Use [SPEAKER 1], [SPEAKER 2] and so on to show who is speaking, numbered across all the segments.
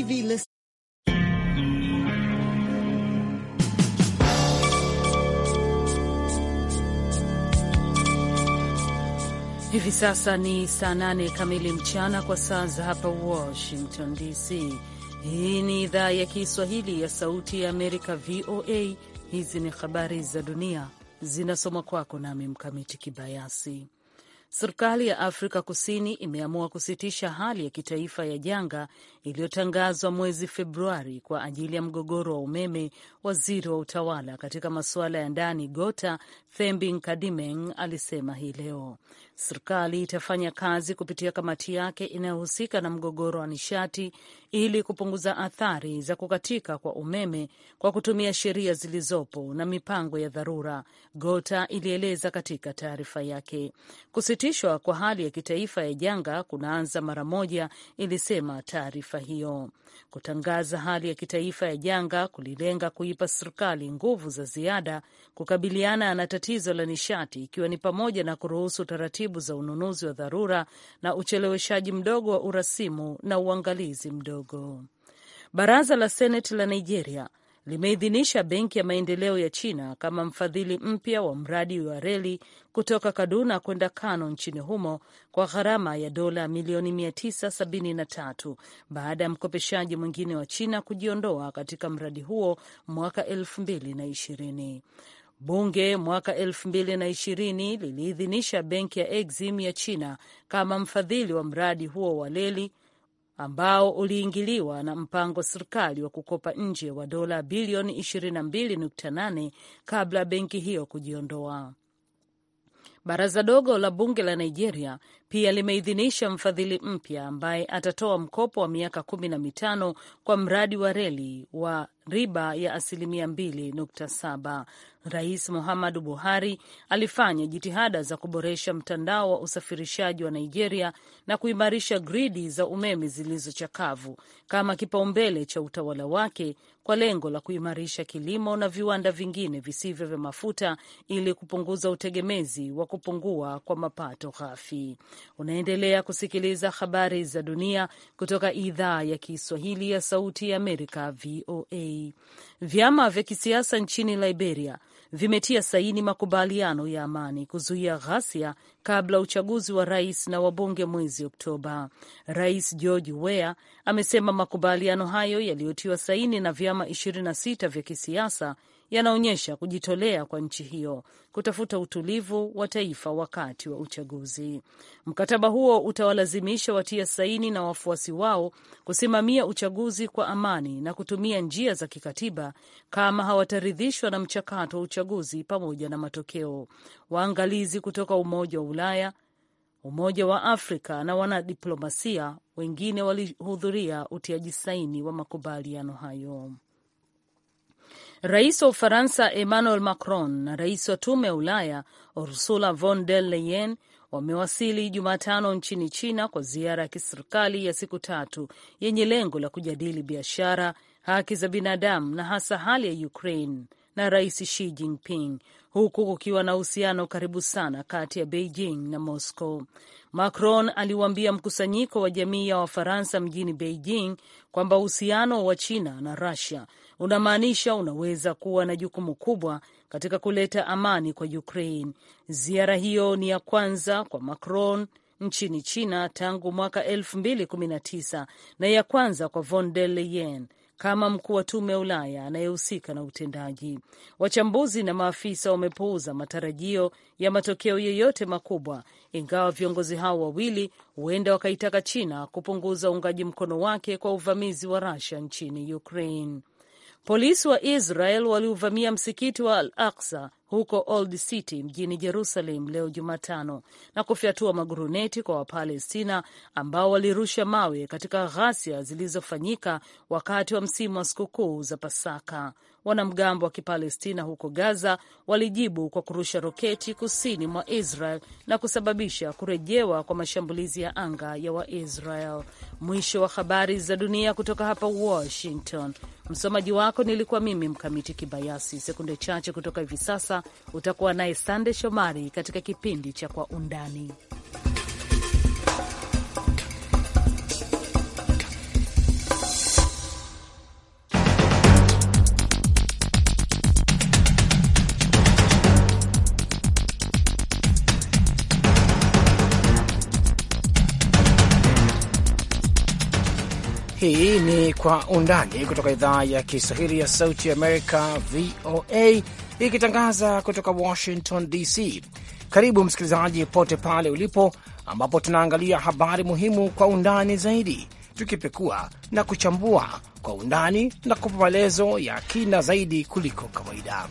[SPEAKER 1] hivi listen. Hivi sasa ni saa nane kamili mchana kwa saa za hapa Washington DC. Hii ni idhaa ya Kiswahili ya Sauti ya Amerika, VOA. Hizi ni habari za dunia zinasoma kwako nami Mkamiti Kibayasi. Serikali ya Afrika Kusini imeamua kusitisha hali ya kitaifa ya janga iliyotangazwa mwezi Februari kwa ajili ya mgogoro wa umeme. Waziri wa utawala katika masuala ya ndani Gota Thembi Nkadimeng alisema hii leo Serikali itafanya kazi kupitia kamati yake inayohusika na mgogoro wa nishati ili kupunguza athari za kukatika kwa umeme kwa kutumia sheria zilizopo na mipango ya dharura, Gota ilieleza katika taarifa yake. Kusitishwa kwa hali ya kitaifa ya janga kunaanza mara moja, ilisema taarifa hiyo. Kutangaza hali ya kitaifa ya janga kulilenga kuipa serikali nguvu za ziada kukabiliana na tatizo la nishati, ikiwa ni pamoja na kuruhusu taratibu taratibu za ununuzi wa dharura na ucheleweshaji mdogo wa urasimu na uangalizi mdogo. Baraza la Seneti la Nigeria limeidhinisha Benki ya Maendeleo ya China kama mfadhili mpya wa mradi wa reli kutoka Kaduna kwenda Kano nchini humo kwa gharama ya dola milioni 973 baada ya mkopeshaji mwingine wa China kujiondoa katika mradi huo mwaka 2020. Bunge mwaka elfu mbili na ishirini liliidhinisha benki ya Exim ya China kama mfadhili wa mradi huo wa leli ambao uliingiliwa na mpango serikali wa kukopa nje wa dola bilioni 22.8 kabla benki hiyo kujiondoa. Baraza dogo la bunge la Nigeria pia limeidhinisha mfadhili mpya ambaye atatoa mkopo wa miaka kumi na mitano kwa mradi wa reli wa riba ya asilimia mbili nukta saba. Rais Muhammadu Buhari alifanya jitihada za kuboresha mtandao wa usafirishaji wa Nigeria na kuimarisha gridi za umeme zilizochakavu kama kipaumbele cha utawala wake kwa lengo la kuimarisha kilimo na viwanda vingine visivyo vya mafuta ili kupunguza utegemezi wa kupungua kwa mapato ghafi. Unaendelea kusikiliza habari za dunia kutoka idhaa ya Kiswahili ya Sauti ya Amerika, VOA. Vyama vya kisiasa nchini Liberia vimetia saini makubaliano ya amani kuzuia ghasia kabla uchaguzi wa rais na wabunge mwezi Oktoba. Rais George Weah amesema makubaliano hayo yaliyotiwa saini na vyama 26 vya kisiasa yanaonyesha kujitolea kwa nchi hiyo kutafuta utulivu wa taifa wakati wa uchaguzi. Mkataba huo utawalazimisha watia saini na wafuasi wao kusimamia uchaguzi kwa amani na kutumia njia za kikatiba kama hawataridhishwa na mchakato wa uchaguzi pamoja na matokeo. Waangalizi kutoka Umoja wa Ulaya, Umoja wa Afrika na wanadiplomasia wengine walihudhuria utiaji saini wa makubaliano hayo. Rais wa Ufaransa Emmanuel Macron na rais wa Tume ya Ulaya Ursula von der Leyen wamewasili Jumatano nchini China kwa ziara ya kiserikali ya siku tatu yenye lengo la kujadili biashara, haki za binadamu na hasa hali ya Ukraine na Rais Xi Jinping, huku kukiwa na uhusiano karibu sana kati ya Beijing na Moscow. Macron aliwaambia mkusanyiko wa jamii ya Wafaransa mjini Beijing kwamba uhusiano wa China na Russia unamaanisha unaweza kuwa na jukumu kubwa katika kuleta amani kwa Ukraine. Ziara hiyo ni ya kwanza kwa Macron nchini China tangu mwaka 2019 na ya kwanza kwa von der Leyen kama mkuu wa tume ya Ulaya anayehusika na utendaji. Wachambuzi na maafisa wamepuuza matarajio ya matokeo yoyote makubwa, ingawa viongozi hao wawili huenda wakaitaka China kupunguza uungaji mkono wake kwa uvamizi wa Rusia nchini Ukraine. Polisi wa Israel waliuvamia msikiti wa Al Aksa huko Old City mjini Jerusalem leo Jumatano na kufyatua maguruneti kwa Wapalestina ambao walirusha mawe katika ghasia zilizofanyika wakati wa msimu wa sikukuu za Pasaka. Wanamgambo wa Kipalestina huko Gaza walijibu kwa kurusha roketi kusini mwa Israel na kusababisha kurejewa kwa mashambulizi ya anga ya Waisrael. Mwisho wa habari za dunia kutoka hapa Washington. Msomaji wako nilikuwa mimi Mkamiti Kibayasi. Sekunde chache kutoka hivi sasa utakuwa naye Sande Shomari katika kipindi cha Kwa Undani.
[SPEAKER 2] Hii ni Kwa Undani kutoka idhaa ya Kiswahili ya Sauti ya Amerika, VOA, ikitangaza kutoka Washington DC. Karibu msikilizaji, pote pale ulipo, ambapo tunaangalia habari muhimu kwa undani zaidi, tukipekua na kuchambua kwa undani na kupa maelezo ya kina zaidi kuliko kawaida.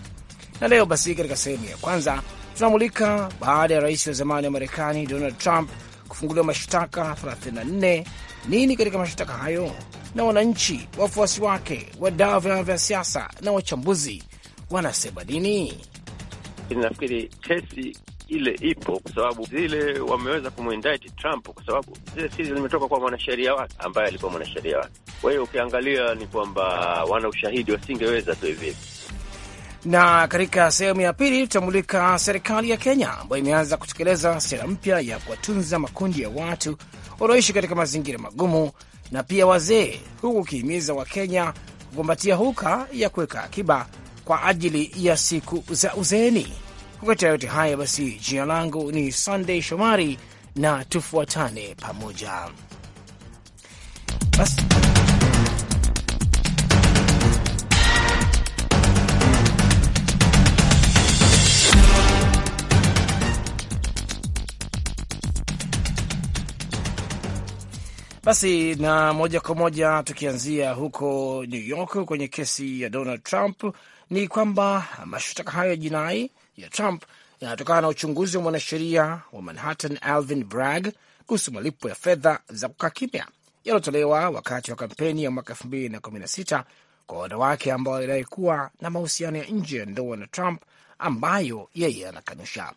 [SPEAKER 2] Na leo basi, katika sehemu ya kwanza tunamulika baada ya rais wa zamani wa Marekani Donald Trump kufunguliwa mashtaka 34 nini katika mashtaka hayo, na wananchi, wafuasi wake, wadau vyama vya siasa na wachambuzi wanasema nini?
[SPEAKER 3] Nafikiri kesi ile ipo kwa sababu zile wameweza kumwindaiti Trump kwa sababu zile siri zimetoka kwa mwanasheria wake ambaye alikuwa mwanasheria wake. Kwa hiyo ukiangalia ni kwamba wana ushahidi, wasingeweza tu hivi
[SPEAKER 2] na katika sehemu ya pili tutamulika serikali ya Kenya ambayo imeanza kutekeleza sera mpya ya kuwatunza makundi ya watu wanaoishi katika mazingira magumu na pia wazee, huku ukihimiza Wakenya kukumbatia huka ya kuweka akiba kwa ajili ya siku za uzeeni. Kukatia yote haya basi, jina langu ni Sunday Shomari na tufuatane pamoja basi. Basi na moja kwa moja tukianzia huko New York kwenye kesi ya Donald Trump, ni kwamba mashtaka hayo ya jinai ya Trump yanatokana na uchunguzi wa mwanasheria wa Manhattan Alvin Bragg kuhusu malipo ya fedha za kukaa kimya yaliyotolewa wakati wa kampeni ya mwaka sita kwa wanawake ambao walidai kuwa na mahusiano ya nje ya ndoa na Trump ambayo yeye anakanusha.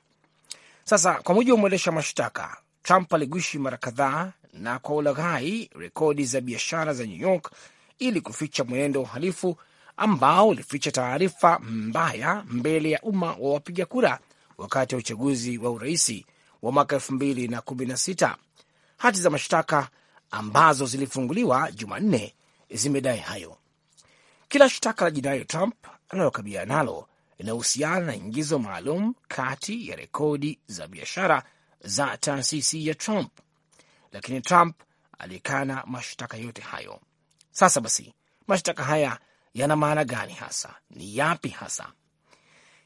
[SPEAKER 2] Sasa, kwa mujibu wa mwendesha mashtaka, Trump aligwishi mara kadhaa na kwa ulaghai rekodi za biashara za New York ili kuficha mwenendo wa uhalifu ambao ulificha taarifa mbaya mbele ya umma wa wapiga kura wakati wa uchaguzi wa uraisi wa mwaka 2016. Hati za mashtaka ambazo zilifunguliwa Jumanne zimedai hayo. Kila shtaka la jinai Trump analokabiliana nalo linahusiana na ingizo maalum kati ya rekodi za biashara za taasisi ya Trump lakini Trump alikana mashtaka yote hayo. Sasa basi, mashtaka haya yana maana gani hasa? Ni yapi hasa?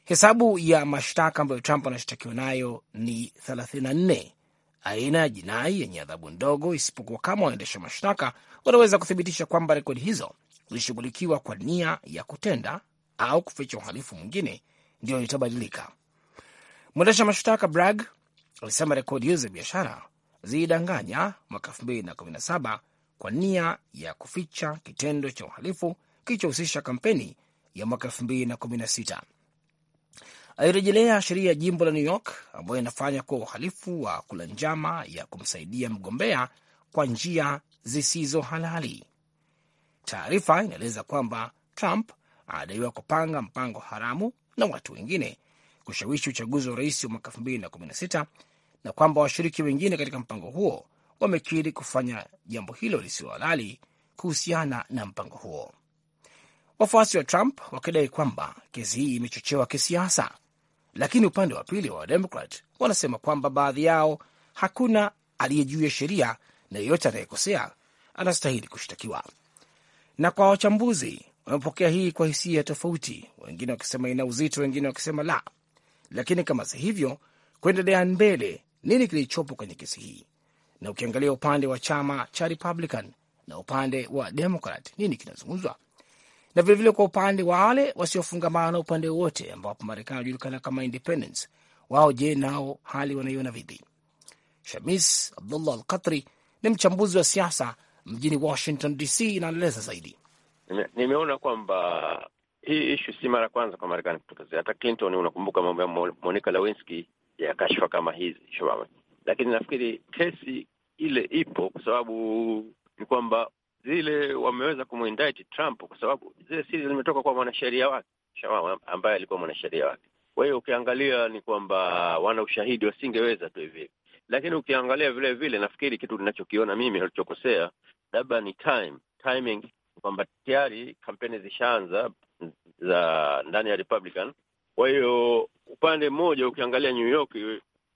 [SPEAKER 2] Hesabu ya mashtaka ambayo Trump anashtakiwa nayo ni 34 aina ya jinai yenye adhabu ndogo, isipokuwa kama waendesha mashtaka wanaweza kuthibitisha kwamba rekodi hizo zilishughulikiwa kwa nia ya kutenda au kuficha uhalifu mwingine, ndio itabadilika. Mwendesha mashtaka Bragg alisema rekodi hizo za biashara ziidanganya mwaka 2017 kwa nia ya kuficha kitendo cha uhalifu kilichohusisha kampeni ya mwaka 2016. Alirejelea sheria ya jimbo la New York ambayo inafanya kuwa uhalifu wa kula njama ya kumsaidia mgombea kwa njia zisizo halali. Taarifa inaeleza kwamba Trump anadaiwa kupanga mpango haramu na watu wengine kushawishi uchaguzi wa rais wa mwaka 2016 na kwamba washiriki wengine katika mpango huo wamekiri kufanya jambo hilo lisilo halali kuhusiana na mpango huo. Wafuasi wa Trump wakidai kwamba kesi hii imechochewa kisiasa, lakini upande wa pili wa Wademokrat wanasema kwamba baadhi yao hakuna aliye juu ya sheria na yeyote anayekosea anastahili kushtakiwa. Na kwa wachambuzi wamepokea hii kwa hisia tofauti, wengine wakisema ina uzito, wengine wakisema la. Lakini kama si hivyo, kuendelea mbele nini kilichopo kwenye kesi hii, na ukiangalia upande wa chama cha Republican na upande wa Democrat nini kinazungumzwa, na vilevile kwa upande wa wale wasiofungamana na upande wowote, ambapo Marekani wanajulikana kama independence, wao je, nao hali wanaiona vipi? Shamis Abdullah Al Katri ni mchambuzi wa siasa mjini Washington DC, inaeleza zaidi.
[SPEAKER 3] Nime, nimeona kwamba hii ishu si mara kwanza kwa Marekani kutokezea. Hata Clinton, unakumbuka mambo ya Monica Lewinsky ya kashfa kama hizi Shobama. Lakini nafikiri kesi ile ipo kwa sababu ni kwamba zile wameweza kumuindict Trump kwa sababu zile siri zimetoka kwa mwanasheria wake Shobama, ambaye alikuwa mwanasheria wake. Kwa hiyo ukiangalia ni kwamba wana ushahidi, wasingeweza tu hivi lakini ukiangalia vile vile, nafikiri kitu ninachokiona mimi alichokosea labda ni time timing, kwamba tayari kampeni zishaanza za ndani ya Republican kwa hiyo upande mmoja ukiangalia New York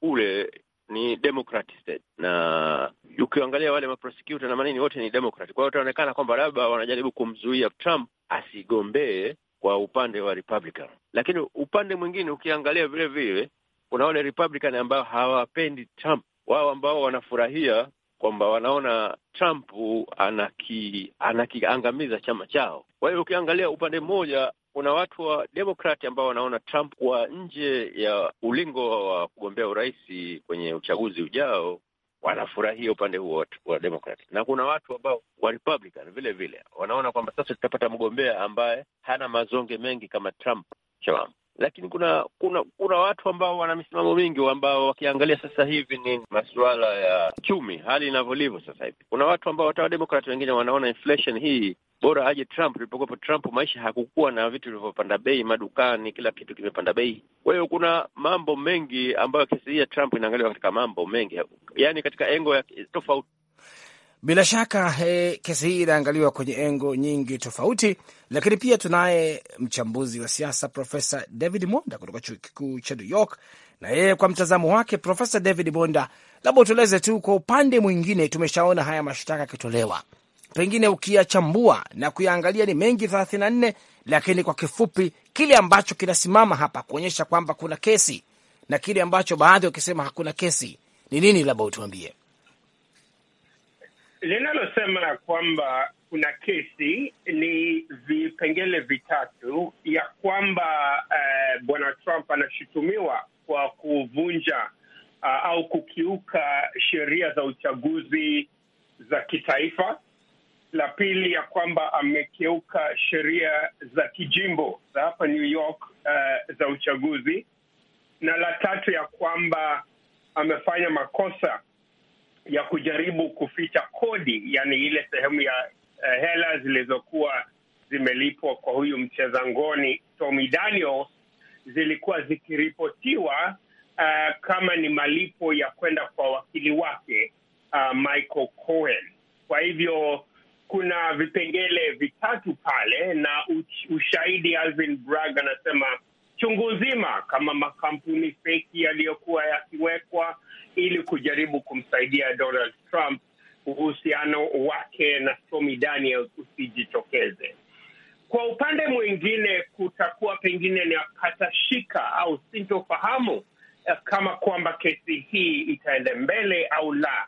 [SPEAKER 3] ule ni Democrat state, na ukiangalia wale maprosecutor na manini wote ni Democrat. Kwa hiyo itaonekana kwamba labda wanajaribu kumzuia Trump asigombee kwa upande wa Republican, lakini upande mwingine ukiangalia vile vile kuna wale Republican ambao hawapendi Trump, wao ambao wanafurahia kwamba wanaona Trump anaki- anakiangamiza chama chao. Kwa hiyo ukiangalia upande mmoja kuna watu wa Demokrati ambao wanaona Trump kwa nje ya ulingo wa kugombea urais kwenye uchaguzi ujao, wanafurahia upande huo wa Demokrati, na kuna watu ambao wa Republican vile vile wanaona kwamba sasa tutapata mgombea ambaye hana mazonge mengi kama Trump chawam lakini kuna kuna kuna watu ambao wana misimamo mingi ambao wakiangalia sasa hivi ni masuala ya chumi hali inavyolivyo sasa hivi. Kuna watu ambao hata wademokrati wengine wanaona inflation hii bora aje Trump. Ilipokuwepo Trump, maisha hakukuwa na vitu vilivyopanda bei madukani, kila kitu kimepanda bei. Kwa hiyo kuna mambo mengi ambayo kesi hii ya Trump inaangaliwa katika mambo mengi, yaani katika engo ya tofauti.
[SPEAKER 2] Bila shaka he, kesi hii inaangaliwa kwenye engo nyingi tofauti, lakini pia tunaye mchambuzi wa siasa Profesa David Monda kutoka chuo kikuu cha New York, na yeye kwa mtazamo wake. Profesa David Monda, labda utueleze tu kwa upande mwingine, tumeshaona haya mashtaka yakitolewa pengine ukiyachambua na kuyaangalia ni mengi na nne lakini kwa kifupi kile ambacho kinasimama hapa kuonyesha kwamba kuna kesi na kile ambacho baadhi wakisema hakuna kesi ni nini? Labda utuambie
[SPEAKER 4] linalosema kwamba kuna kesi ni vipengele vitatu, ya kwamba eh, bwana Trump anashutumiwa kwa kuvunja uh, au kukiuka sheria za uchaguzi za kitaifa la pili ya kwamba amekeuka sheria za kijimbo za hapa New York uh, za uchaguzi, na la tatu ya kwamba amefanya makosa ya kujaribu kuficha kodi, yani ile sehemu ya uh, hela zilizokuwa zimelipwa kwa huyu mcheza ngoni Tommy Daniels zilikuwa zikiripotiwa uh, kama ni malipo ya kwenda kwa wakili wake uh, Michael Cohen. Kwa hivyo kuna vipengele vitatu pale na ushahidi. Alvin Bragg anasema chungu nzima kama makampuni feki yaliyokuwa yakiwekwa ili kujaribu kumsaidia Donald Trump, uhusiano wake na Stormy Daniels usijitokeze. Kwa upande mwingine, kutakuwa pengine ni patashika au sintofahamu eh, kama kwamba kesi hii itaenda mbele au la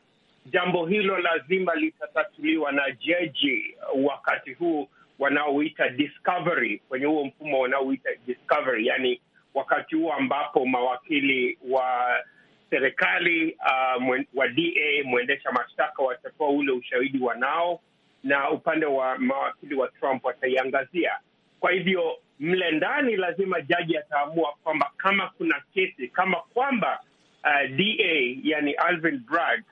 [SPEAKER 4] jambo hilo lazima litatatuliwa na jeji wakati huu wanaoita discovery, kwenye huo mfumo wanaoita discovery, yani wakati huo ambapo mawakili wa serikali uh, wa DA mwendesha mashtaka watatoa ule ushahidi wanao, na upande wa mawakili wa Trump wataiangazia. Kwa hivyo mle ndani lazima jaji ataamua kwamba kama kuna kesi kama kwamba uh, DA yani Alvin Bragg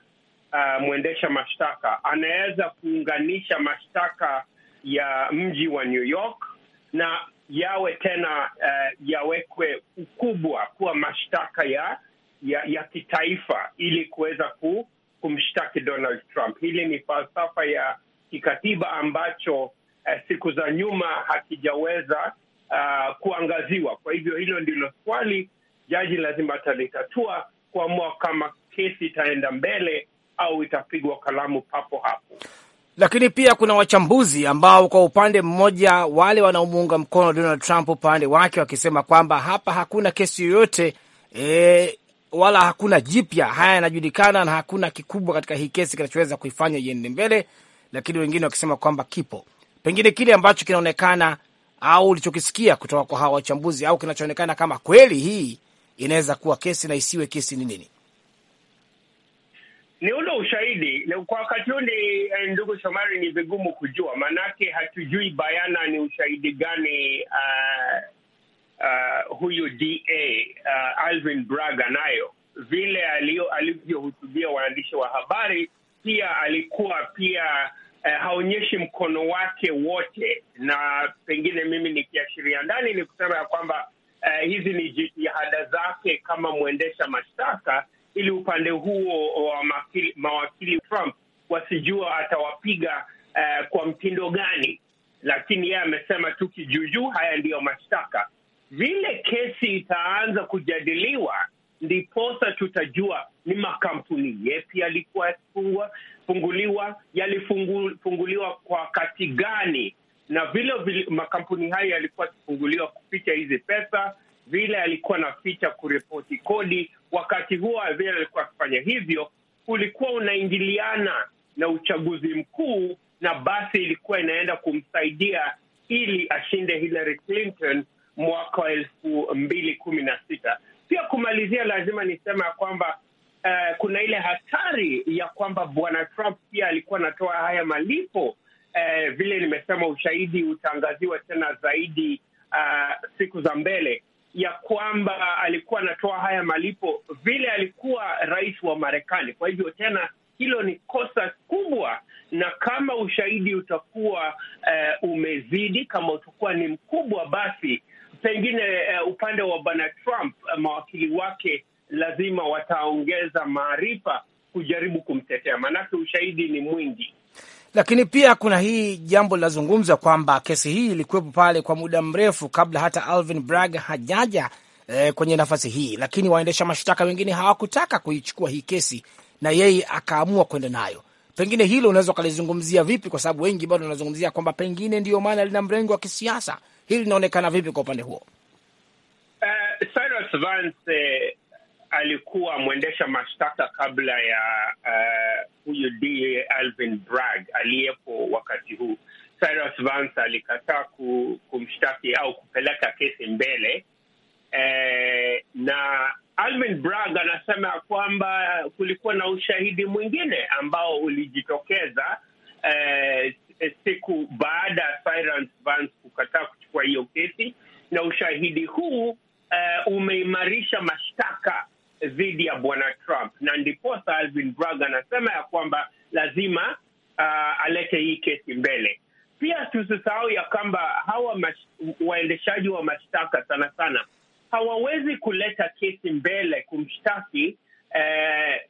[SPEAKER 4] uh, mwendesha mashtaka anaweza kuunganisha mashtaka ya mji wa New York na yawe tena uh, yawekwe ukubwa kuwa mashtaka ya, ya, ya kitaifa ili kuweza ku, kumshtaki Donald Trump. Hili ni falsafa ya kikatiba ambacho uh, siku za nyuma hakijaweza uh, kuangaziwa. Kwa hivyo hilo ndilo swali jaji lazima atalitatua kuamua kama kesi itaenda mbele au itapigwa kalamu papo hapo.
[SPEAKER 2] Lakini pia kuna wachambuzi ambao kwa upande mmoja wale wanaomuunga mkono Donald Trump upande wake wakisema kwamba hapa hakuna kesi yoyote e, wala hakuna jipya, haya yanajulikana na hakuna kikubwa katika hii kesi kinachoweza kuifanya iende mbele, lakini wengine wakisema kwamba kipo pengine kile ambacho kinaonekana au ulichokisikia kutoka kwa hawa wachambuzi au kinachoonekana kama kweli hii inaweza kuwa kesi na isiwe kesi ni nini?
[SPEAKER 4] ni ule ushahidi. Kwa wakati huu ni eh, ndugu Shomari, ni vigumu kujua, maanake hatujui bayana ni ushahidi gani uh, uh, huyu DA uh, Alvin Braga anayo. Vile alivyohutubia waandishi wa habari, pia alikuwa pia eh, haonyeshi mkono wake wote, na pengine mimi nikiashiria ndani ni kusema ya kwamba eh, hizi ni jitihada zake kama mwendesha mashtaka ili upande huo wa mawakili, Trump wasijua atawapiga uh, kwa mtindo gani, lakini yeye amesema tu kijuujuu, haya ndiyo mashtaka. Vile kesi itaanza kujadiliwa, ndiposa tutajua ni makampuni yepi yalikuwa funguliwa, yalifunguliwa kwa wakati gani, na vile makampuni hayo yalikuwa yakifunguliwa kuficha hizi pesa vile alikuwa anaficha kuripoti kodi. Wakati huo vile alikuwa akifanya hivyo, ulikuwa unaingiliana na uchaguzi mkuu, na basi ilikuwa inaenda kumsaidia ili ashinde Hillary Clinton mwaka wa elfu mbili kumi na sita. Pia kumalizia, lazima nisema ya kwamba uh, kuna ile hatari ya kwamba bwana Trump pia alikuwa anatoa haya malipo uh, vile nimesema, ushahidi utaangaziwa tena zaidi uh, siku za mbele, ya kwamba alikuwa anatoa haya malipo vile alikuwa rais wa Marekani. Kwa hivyo tena hilo ni kosa kubwa, na kama ushahidi utakuwa uh, umezidi, kama utakuwa ni mkubwa, basi pengine uh, upande wa bwana Trump uh, mawakili wake lazima wataongeza maarifa kujaribu kumtetea, maanake ushahidi ni mwingi.
[SPEAKER 2] Lakini pia kuna hii jambo linazungumza kwamba kesi hii ilikuwepo pale kwa muda mrefu kabla hata Alvin Bragg hajaja eh, kwenye nafasi hii, lakini waendesha mashtaka wengine hawakutaka kuichukua hii kesi na yeye akaamua kwenda nayo. Pengine hilo unaweza ukalizungumzia vipi? Kwa sababu wengi bado wanazungumzia kwamba pengine ndiyo maana lina mrengo wa kisiasa. Hili linaonekana vipi kwa upande huo?
[SPEAKER 4] Uh, Cyrus Vance eh, alikuwa mwendesha mashtaka kabla ya uh, huyu DA Alvin Bragg aliyepo wakati huu. Cyrus Vance alikataa kumshtaki au kupeleka kesi mbele eh, na Alvin Bragg anasema ya kwamba kulikuwa na ushahidi mwingine ambao ulijitokeza eh, siku baada ya Cyrus Vance kukataa kuchukua hiyo kesi, na ushahidi huu eh, umeimarisha
[SPEAKER 5] mashtaka
[SPEAKER 4] dhidi ya bwana Trump, na ndiposa Alvin Bragg anasema ya kwamba lazima uh, alete hii kesi mbele. Pia tusisahau ya kwamba hawa waendeshaji wa mashtaka sana sana hawawezi kuleta kesi mbele kumshtaki eh,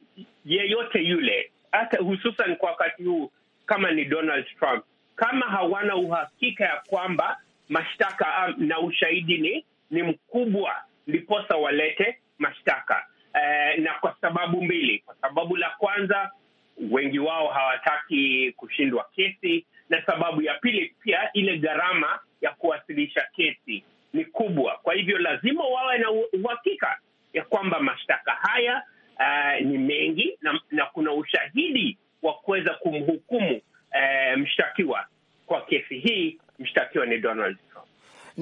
[SPEAKER 4] yeyote yule, hata hususan kwa wakati huu kama ni Donald Trump, kama hawana uhakika ya kwamba mashtaka um, na ushahidi ni ni mkubwa, ndiposa walete mashtaka eh, na kwa sababu mbili. Kwa sababu la kwanza, wengi wao hawataki kushindwa kesi, na sababu ya pili pia, ile gharama ya kuwasilisha kesi ni kubwa. Kwa hivyo lazima wawe na uhakika ya kwamba mashtaka haya uh, ni mengi na, na kuna ushahidi wa kuweza kumhukumu uh, mshtakiwa. Kwa kesi hii mshtakiwa ni Donald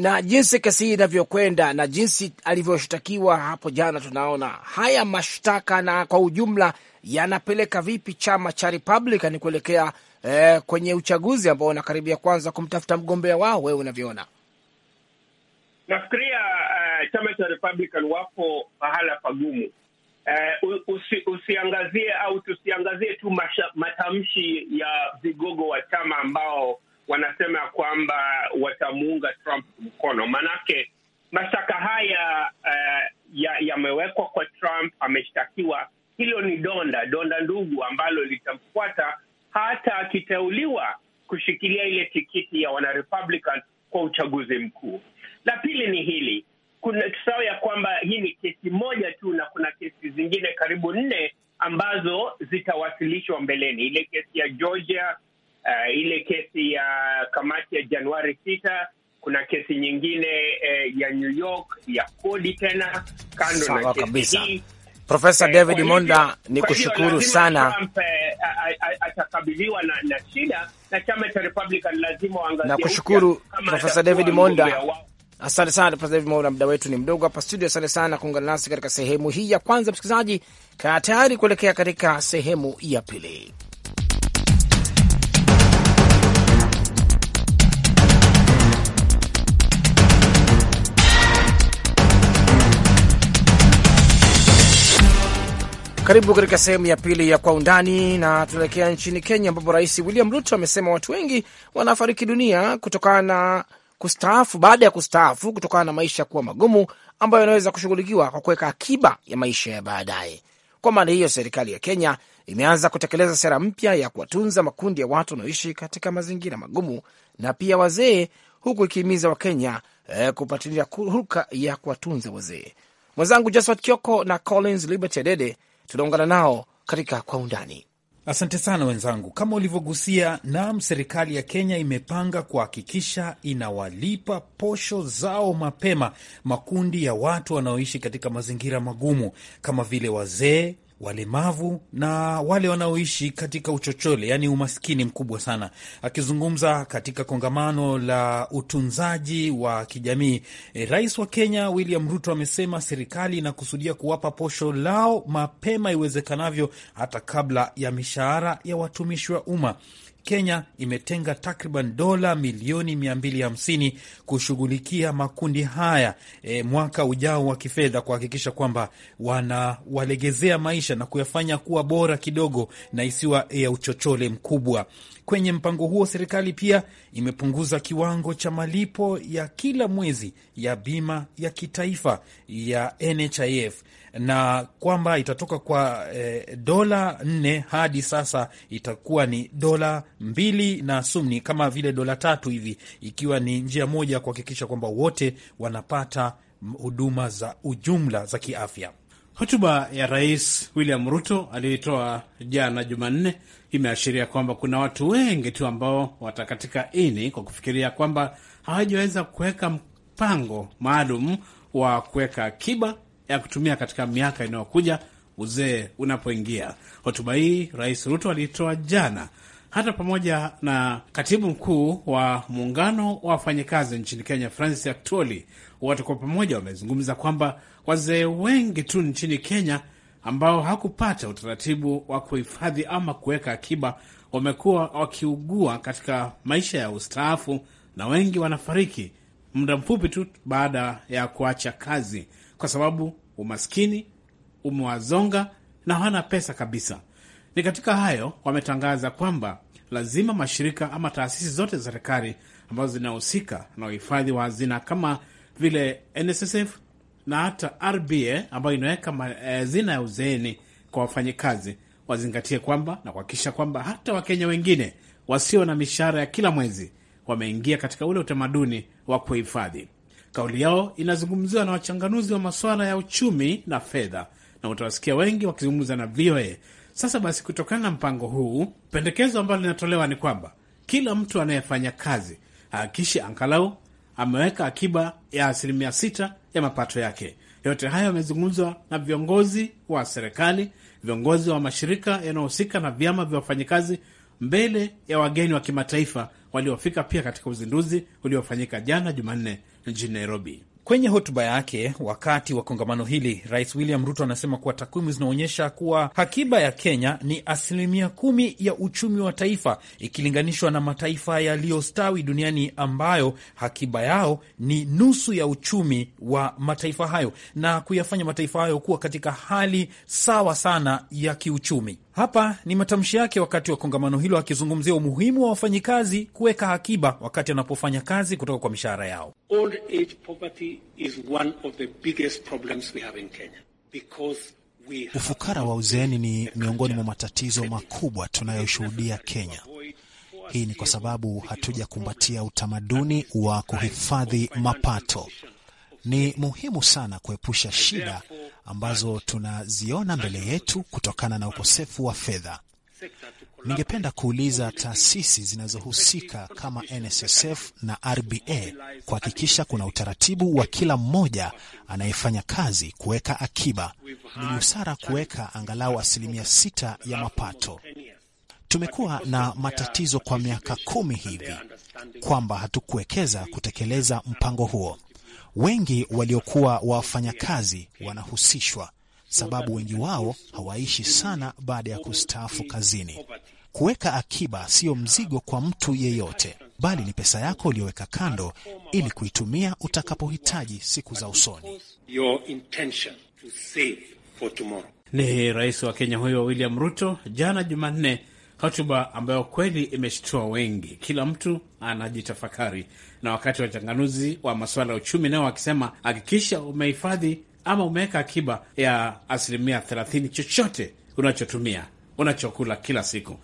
[SPEAKER 2] na jinsi kesi hii inavyokwenda na jinsi alivyoshtakiwa hapo jana, tunaona haya mashtaka na kwa ujumla yanapeleka vipi chama cha Republican kuelekea eh, kwenye uchaguzi ambao unakaribia kwanza kumtafuta mgombea wao, wewe unavyoona?
[SPEAKER 4] Nafikiria uh, chama cha Republican wapo mahala pagumu. Uh, usi, usiangazie au tusiangazie tu matamshi ya vigogo wa chama ambao wanasema kwamba watamuunga Trump mkono, maanake mashtaka haya uh, yamewekwa ya kwa Trump, ameshtakiwa. Hilo ni donda donda ndugu ambalo litamfuata hata akiteuliwa kushikilia ile tikiti ya wanarepublican kwa uchaguzi mkuu. La pili ni hili, kuna tusahau ya kwamba hii ni kesi moja tu, na kuna kesi zingine karibu nne ambazo zitawasilishwa mbeleni, ile kesi ya Georgia uh, ile kesi ya uh, kamati ya Januari sita kuna kesi nyingine eh, ya New York ya kodi tena kando Sawa na kesi kabisa
[SPEAKER 2] Profesa eh, David Monda ni kushukuru sana. Trump
[SPEAKER 4] eh, atakabiliwa na, na shida na chama cha Republican lazima waangazie. Na kushukuru Profesa David Monda.
[SPEAKER 2] Asante sana Profesa David Monda, muda wetu ni mdogo hapa studio. Asante sana kuungana nasi katika sehemu hii ya kwanza. Msikilizaji, kaa tayari kuelekea katika sehemu ya pili. Karibu katika sehemu ya pili ya Kwa Undani, na tunaelekea nchini Kenya ambapo Rais William Ruto amesema watu wengi wanafariki dunia kutokana na kustaafu, baada ya kustaafu, kutokana na maisha kuwa magumu ambayo yanaweza kushughulikiwa kwa kuweka akiba ya maisha ya baadaye. Kwa maana hiyo, serikali ya Kenya imeanza kutekeleza sera mpya ya kuwatunza makundi ya watu wanaoishi katika mazingira magumu na pia wazee, huku ikihimiza Wakenya eh, kupatilia hulka ya kuwatunza wazee. Mwenzangu Josephat Kioko na Collins Liberty Adede Tunaungana nao katika kwa undani.
[SPEAKER 6] Asante sana wenzangu. Kama ulivyogusia, naam, serikali ya Kenya imepanga kuhakikisha inawalipa posho zao mapema makundi ya watu wanaoishi katika mazingira magumu kama vile wazee walemavu na wale wanaoishi katika uchochole, yaani umaskini mkubwa sana. Akizungumza katika kongamano la utunzaji wa kijamii, e, rais wa Kenya William Ruto amesema serikali inakusudia kuwapa posho lao mapema iwezekanavyo, hata kabla ya mishahara ya watumishi wa umma. Kenya imetenga takriban dola milioni 250 kushughulikia makundi haya e, mwaka ujao wa kifedha kuhakikisha kwamba wanawalegezea maisha na kuyafanya kuwa bora kidogo na isiwa ya e, uchochole mkubwa. Kwenye mpango huo, serikali pia imepunguza kiwango cha malipo ya kila mwezi ya bima ya kitaifa ya NHIF na kwamba itatoka kwa e, dola nne hadi sasa itakuwa ni dola mbili na sumni kama vile dola tatu hivi, ikiwa ni njia moja ya kuhakikisha kwamba wote wanapata huduma za ujumla za kiafya.
[SPEAKER 7] Hotuba ya Rais William Ruto aliyoitoa jana Jumanne imeashiria kwamba kuna watu wengi tu ambao watakatika ini kwa kufikiria kwamba hawajaweza kuweka mpango maalum wa kuweka akiba ya kutumia katika miaka inayokuja uzee unapoingia. Hotuba hii Rais Ruto aliitoa jana hata pamoja na katibu mkuu wa muungano wa wafanyakazi nchini Kenya, Francis Atwoli. Watu kwa pamoja wamezungumza kwamba wazee wengi tu nchini Kenya ambao hakupata utaratibu wa kuhifadhi ama kuweka akiba wamekuwa wakiugua katika maisha ya ustaafu, na wengi wanafariki muda mfupi tu baada ya kuacha kazi kwa sababu umaskini umewazonga na hawana pesa kabisa. Ni katika hayo wametangaza kwamba lazima mashirika ama taasisi zote za serikali ambazo zinahusika na uhifadhi wa hazina kama vile NSSF na hata RBA ambayo inaweka eh, hazina ya uzeeni kwa wafanyikazi wazingatie kwamba na kuhakikisha kwamba hata Wakenya wengine wasio na mishahara ya kila mwezi wameingia katika ule utamaduni wa kuhifadhi. Kauli yao inazungumziwa na wachanganuzi wa masuala ya uchumi na fedha, na utawasikia wengi wakizungumza na VOA. Sasa basi, kutokana na mpango huu, pendekezo ambalo linatolewa ni kwamba kila mtu anayefanya kazi ahakikishe angalau ameweka akiba ya asilimia sita ya mapato yake. Yote hayo yamezungumzwa na viongozi wa serikali, viongozi wa mashirika yanayohusika na vyama vya wafanyakazi mbele ya wageni wa kimataifa waliofika pia katika uzinduzi
[SPEAKER 6] uliofanyika jana Jumanne mjini Nairobi. Kwenye hotuba yake wakati wa kongamano hili, Rais William Ruto anasema kuwa takwimu zinaonyesha kuwa akiba ya Kenya ni asilimia kumi ya uchumi wa taifa ikilinganishwa na mataifa yaliyostawi duniani ambayo akiba yao ni nusu ya uchumi wa mataifa hayo, na kuyafanya mataifa hayo kuwa katika hali sawa sana ya kiuchumi. Hapa ni matamshi yake wakati wa kongamano hilo, akizungumzia umuhimu wa wafanyikazi kuweka akiba wakati anapofanya
[SPEAKER 8] kazi kutoka kwa mishahara yao.
[SPEAKER 4] Old age poverty is one of the biggest problems we have in Kenya because
[SPEAKER 8] Ufukara wa uzeeni ni miongoni mwa matatizo makubwa tunayoshuhudia Kenya. Hii ni kwa sababu hatujakumbatia utamaduni wa kuhifadhi mapato. Ni muhimu sana kuepusha shida ambazo tunaziona mbele yetu kutokana na ukosefu wa fedha. Ningependa kuuliza taasisi zinazohusika kama NSSF na RBA kuhakikisha kuna utaratibu wa kila mmoja anayefanya kazi kuweka akiba. Ni busara kuweka angalau asilimia sita ya mapato. Tumekuwa na matatizo kwa miaka kumi hivi kwamba hatukuwekeza kutekeleza mpango huo. Wengi waliokuwa wafanyakazi wanahusishwa, sababu wengi wao hawaishi sana baada ya kustaafu kazini. Kuweka akiba siyo mzigo kwa mtu yeyote, bali ni pesa yako uliyoweka kando ili kuitumia utakapohitaji siku za usoni.
[SPEAKER 7] Ni rais wa Kenya huyo William Ruto, jana Jumanne, hotuba ambayo kweli imeshtua wengi. Kila mtu anajitafakari na wakati wachanganuzi wa masuala ya uchumi nao wakisema hakikisha umehifadhi ama umeweka akiba ya asilimia thelathini chochote unachotumia unachokula kila siku.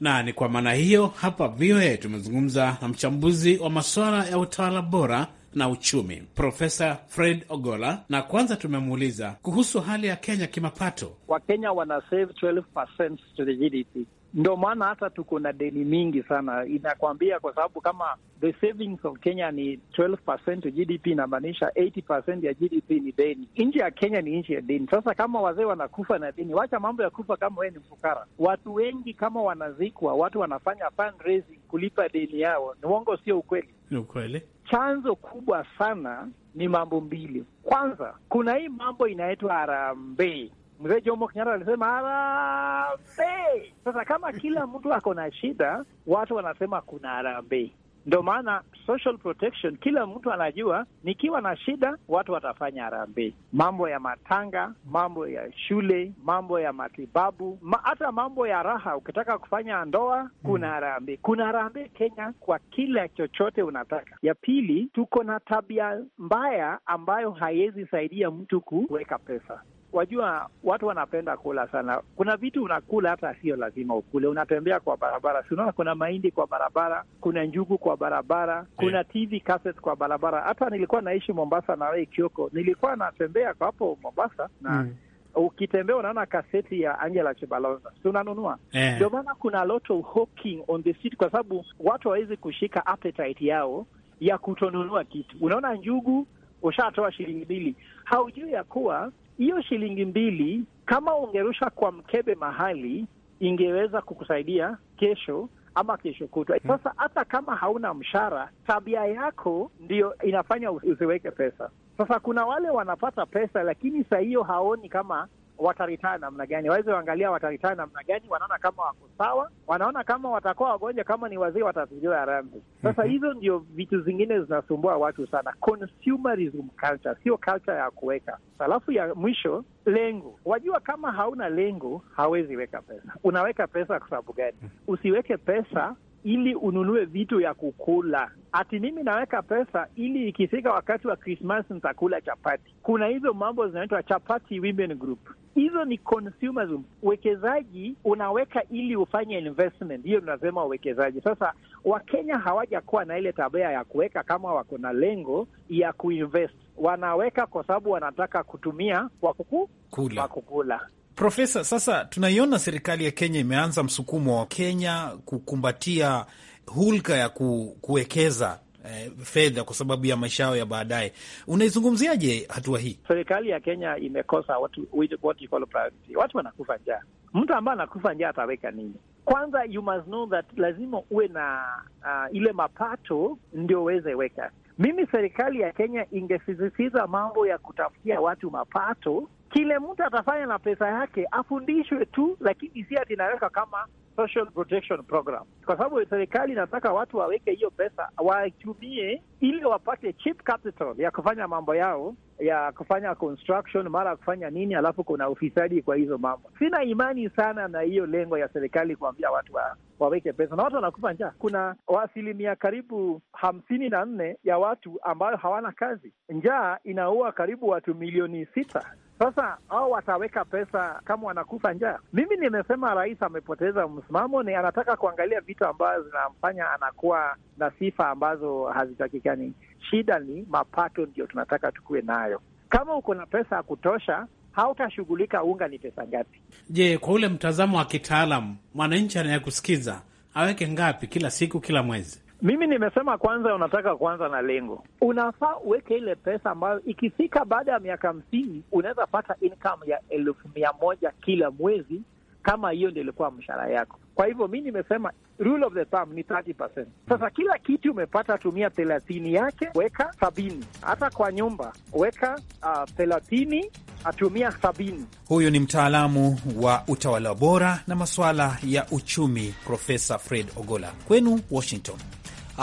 [SPEAKER 7] Na ni kwa maana hiyo hapa VOA tumezungumza na mchambuzi wa masuala ya utawala bora na uchumi Profesa Fred Ogola, na kwanza tumemuuliza kuhusu hali ya Kenya kimapato.
[SPEAKER 5] Wakenya wana save 12% to the GDP Ndo maana hata tuko na deni mingi sana, inakwambia kwa sababu kama the savings of Kenya ni 12% GDP, inamaanisha 80% ya GDP ni deni. Nchi ya Kenya ni nchi ya deni. Sasa kama wazee wanakufa na deni, wacha mambo ya kufa kama wewe ni mfukara. Watu wengi kama wanazikwa, watu wanafanya fundraising kulipa deni yao. Ni uongo, sio ukweli? Ni ukweli. Chanzo kubwa sana ni mambo mbili. Kwanza, kuna hii mambo inaitwa harambee mzee Jomo Kenyatta alisema harambee. Sasa kama kila mtu ako na shida, watu wanasema kuna harambee. Ndio maana social protection, kila mtu anajua nikiwa na shida watu watafanya harambee. Mambo ya matanga, mambo ya shule, mambo ya matibabu, hata ma mambo ya raha. Ukitaka kufanya ndoa, kuna hmm. harambee. Kuna harambee Kenya kwa kila chochote unataka. Ya pili, tuko na tabia mbaya ambayo haiwezi saidia mtu kuweka pesa wajua watu wanapenda kula sana. Kuna vitu unakula hata sio lazima ukule, unatembea kwa barabara, si unaona kuna mahindi kwa barabara, kuna njugu kwa barabara, kuna eh. TV cassette kwa barabara. Hata nilikuwa naishi Mombasa na wewe Kioko, nilikuwa natembea kwa hapo Mombasa na mm. Ukitembea unaona kaseti ya Angela Chibalonza, si unanunua? Eh. Ndio yeah. maana kuna lot of hawking on the street, kwa sababu watu hawawezi kushika appetite yao ya kutonunua kitu. Unaona njugu ushatoa shilingi mbili, haujui ya kuwa hiyo shilingi mbili kama ungerusha kwa mkebe mahali ingeweza kukusaidia kesho ama kesho kutwa. Hmm. Sasa hata kama hauna mshahara, tabia yako ndiyo inafanya usiweke pesa. Sasa kuna wale wanapata pesa, lakini saa hiyo haoni kama wataritaa namna gani, waweze waangalia wataritaa namna gani, wanaona kama wako sawa, wanaona kama watakuwa wagonjwa, kama ni wazee ya rambi. Sasa mhm. hizo ndio vitu zingine zinasumbua watu sana, consumerism culture, sio culture ya kuweka. Alafu ya mwisho lengo, wajua, kama hauna lengo hawezi weka pesa. Unaweka pesa kwa sababu gani? Mhm. Usiweke pesa ili ununue vitu ya kukula. Ati mimi naweka pesa ili ikifika wakati wa krismas nitakula chapati. Kuna hizo mambo zinaitwa chapati women group. Hizo ni consumerism. Uwekezaji unaweka ili ufanye investment, hiyo tunasema uwekezaji. Sasa Wakenya hawajakuwa na ile tabia ya kuweka kama wako na lengo ya kuinvest, wanaweka kwa sababu wanataka kutumia kwa kukula.
[SPEAKER 6] Profesa, sasa tunaiona serikali ya Kenya imeanza msukumo wa Kenya kukumbatia hulka ya ku, kuwekeza eh, fedha kwa sababu ya maisha yao ya baadaye. Unaizungumziaje hatua hii?
[SPEAKER 5] Serikali ya Kenya imekosa watu, what you call priority. Watu wanakufa njaa. Mtu ambaye anakufa njaa ataweka nini? Kwanza you must know that lazima uwe na uh, ile mapato ndio uweze weka. Mimi serikali ya Kenya ingesisitiza mambo ya kutafutia watu mapato kile mtu atafanya na pesa yake afundishwe tu, lakini si ati inaweka kama social protection program, kwa sababu serikali inataka watu waweke hiyo pesa waitumie ili wapate cheap capital ya kufanya mambo yao, ya kufanya construction mara ya kufanya nini, alafu kuna ufisadi kwa hizo mambo. Sina imani sana na hiyo lengo ya serikali kuambia watu wa waweke pesa na watu wanakufa njaa. Kuna asilimia karibu hamsini na nne ya watu ambayo hawana kazi. Njaa inaua karibu watu milioni sita. Sasa au wataweka pesa kama wanakufa njaa? Mimi nimesema rais amepoteza msimamo, ni anataka kuangalia vitu ambazo zinamfanya anakuwa na sifa ambazo hazitakikani. Shida ni mapato, ndio tunataka tukuwe nayo. Kama uko na pesa ya kutosha hautashughulika unga ni pesa ngapi.
[SPEAKER 7] Je, kwa ule mtazamo wa kitaalam, mwananchi anayekusikiza aweke ngapi kila siku, kila mwezi?
[SPEAKER 5] Mimi nimesema kwanza, unataka kuanza na lengo, unafaa uweke ile pesa ambayo ikifika baada ya miaka hamsini unaweza pata income ya elfu mia moja kila mwezi, kama hiyo ndio ilikuwa mshahara yako. Kwa hivyo mi nimesema rule of the thumb ni 30%. Sasa mm. kila kitu umepata, tumia thelathini yake, weka sabini. Hata kwa nyumba weka ah, thelathini uh, atumia sabini.
[SPEAKER 6] Huyu ni mtaalamu wa utawala bora na masuala ya uchumi, Profesa Fred Ogola kwenu Washington.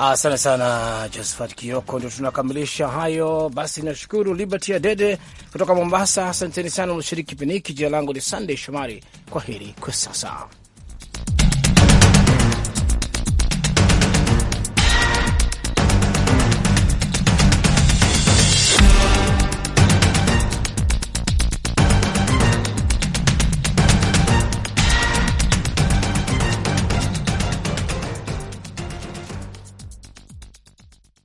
[SPEAKER 6] Asante sana Josephat
[SPEAKER 2] Kioko. Ndio tunakamilisha hayo basi. Nashukuru Liberty Adede kutoka Mombasa. Asanteni sana ulishiriki kipindi hiki. Jina langu ni Sandey Shomari. Kwa heri kwa sasa.